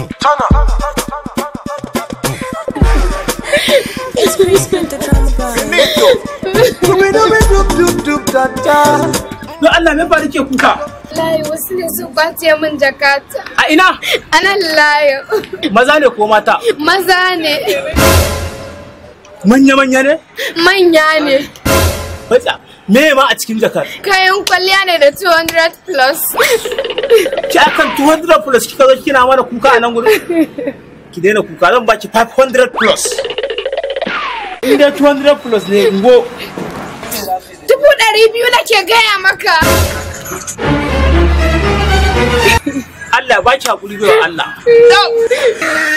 Turn up. It's very spent the drama bar. Finito. Dumi dumi dub dub Don Allah me ba ke kuka? Layi wasu ne su kwace min jakata. A ina? A nan layi. Maza ne ko mata? Maza ne. Manya-manya ne? Manya ne. Matsa, me ma a cikin jakar? Kayan kwalliya ne da 200 plus. ki akan 200 plus kika zo kina mana kuka a nan gurin ki daina kuka zan baki 500 plus in 200 plus ne ngo dubu ɗari biyu nake gaya maka Allah baki hakuri bai Allah